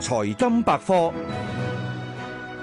財金百科：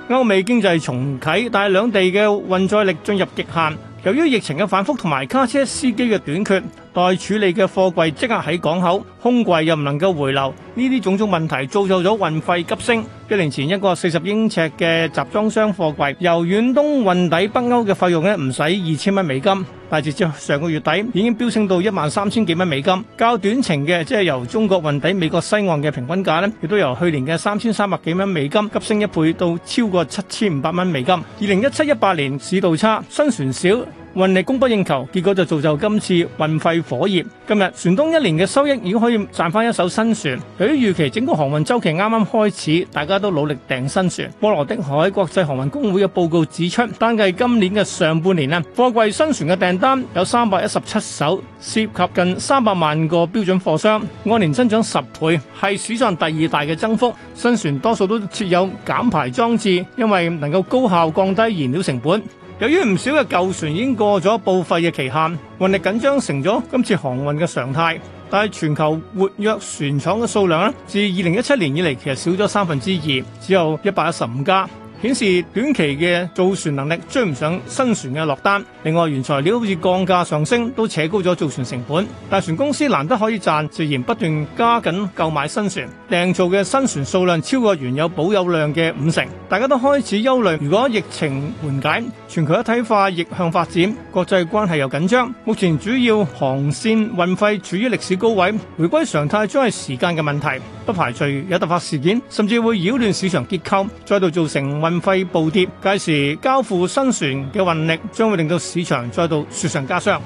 歐美經濟重啟，但係兩地嘅運載力進入極限。由於疫情嘅反覆同埋卡車司機嘅短缺。待處理嘅貨櫃即刻喺港口，空櫃又唔能夠回流，呢啲種種問題造就咗運費急升。一年前一個四十英尺嘅集裝箱貨櫃由遠東運抵北歐嘅費用呢，唔使二千蚊美金，但係直至上個月底已經飆升到一萬三千幾蚊美金。較短程嘅即係由中國運抵美國西岸嘅平均價呢，亦都由去年嘅三千三百幾蚊美金急升一倍到超過七千五百蚊美金。二零一七一八年市道差，新船少。運力供不應求，結果就造就今次運費火熱。今日船東一年嘅收益已經可以賺翻一艘新船。由於預期整個航運週期啱啱開始，大家都努力訂新船。波羅的海國際航運公會嘅報告指出，單計今年嘅上半年咧，貨櫃新船嘅訂單有三百一十七艘，涉及近三百萬個標準貨箱，按年增長十倍，係史上第二大嘅增幅。新船多數都設有減排裝置，因為能夠高效降低燃料成本。由於唔少嘅舊船已經過咗報廢嘅期限，運力緊張成咗今次航運嘅常態。但係全球活躍船廠嘅數量呢，自二零一七年以嚟其實少咗三分之二，只有一百一十五家。顯示短期嘅造船能力追唔上新船嘅落單，另外原材料好似降價上升都扯高咗造船成本。大船公司難得可以賺，自然不斷加緊購買新船，訂造嘅新船數量超過原有保有量嘅五成。大家都開始憂慮，如果疫情緩解，全球一體化逆向發展，國際關係又緊張，目前主要航線運費處於歷史高位，回歸常態將係時間嘅問題。不排除有突發事件，甚至會擾亂市場結構，再度造成。運費暴跌，屆時交付新船嘅運力將會令到市場再度雪上加霜。